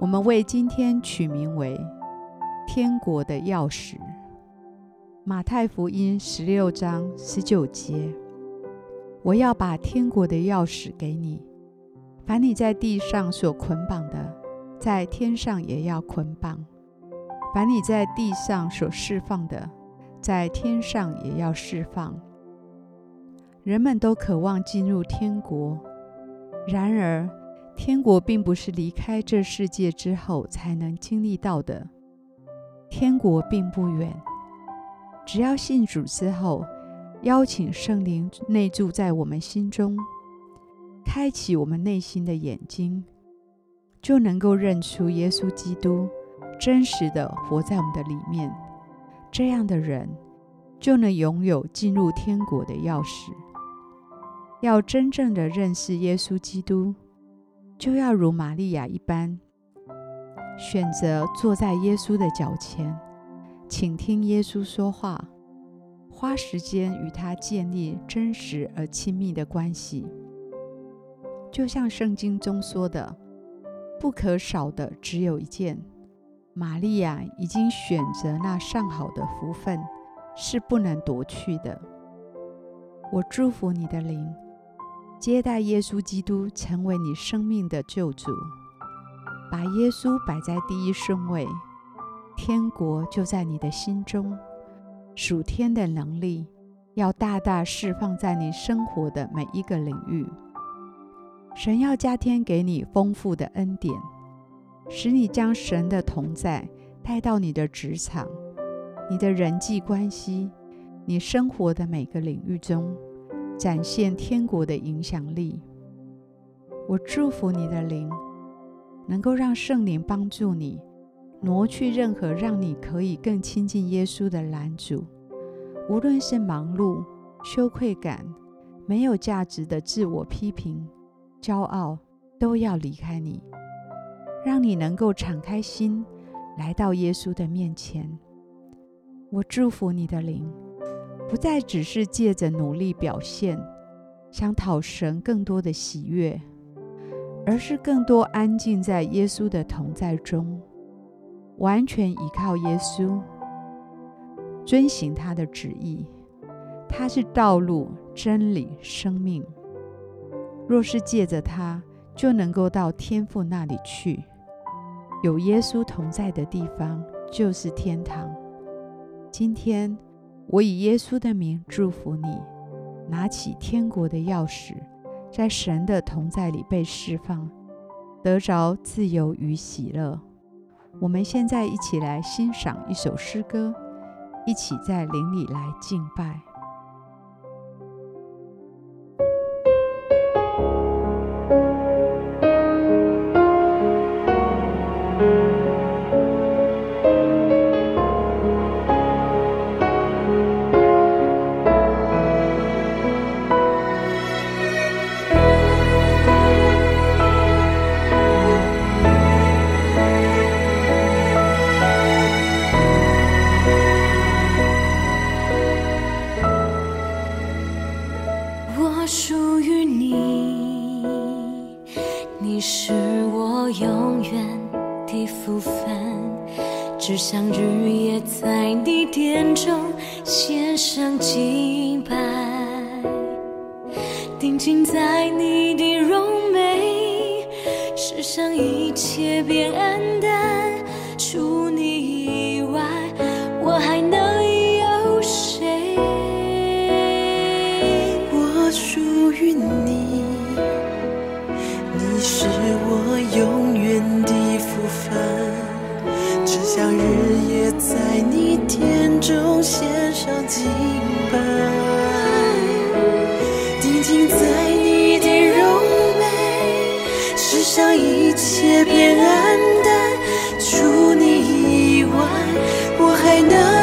我們為今天取名為《天國的鑰匙》，馬太福音十六章十九節：“我要把天國的鑰匙給你，凡你在地上所捆綁的，在天上也要捆綁；凡你在地上所釋放的，在天上也要釋放。”人們都渴望進入天國，然而，天國並不是離開這世界之後才能經歷到的。天國並不遠，只要信主之後，邀請聖靈內住在我們心中，開啟我們內心的眼睛，就能夠認出耶穌基督真實的活在我們的裡面。這樣的人就能擁有進入天國的鑰匙。要真正的認識耶穌基督。就要如瑪利亞一般，選擇坐在耶穌的腳前，傾聽耶穌說話，花時間與他建立真實而親密的關係。就像聖經中說的，不可少的只有一件。瑪利亞已經選擇那上好的福分，是不能奪去的。我祝福你的靈。接待耶穌基督成為你生命的救主，把耶穌擺在第一順位，天國就在你的心中。屬天的能力要大大釋放在你生活的每一個領域。神要加添給你豐富的恩典，使你將神的同在帶到你的職場、你的人際關係、你生活的每個領域中。展現天國的影響力。我祝福你的靈，能夠讓聖靈幫助你，挪去任何讓你可以更親近耶穌的攔阻，無論是忙碌、羞愧感、沒有價值的自我批評、驕傲，都要離開你，讓你能夠敞開心，來到耶穌的面前。我祝福你的靈。不再只是借着努力表現，想討神更多的喜悅，而是更多安靜在耶穌的同在中，完全依靠耶穌，遵行他的旨意。他是道路、真理、生命。若是借着他，就能夠到天父那裡去。有耶穌同在的地方，就是天堂。今天。我以耶穌的名祝福你，拿起天國的鑰匙，在神的同在裡被釋放，得着自由與喜樂。我們現在一起來欣賞一首詩歌，一起在靈裡來敬拜。你是我永遠的福分，只想日夜在你殿中獻上敬拜，定睛在你的榮美，世上一切變黯淡，除你以外，我還能有誰？我屬於你。天中獻上敬拜，定睛在你的容美，世上一切變黯淡，除你以外，我還能。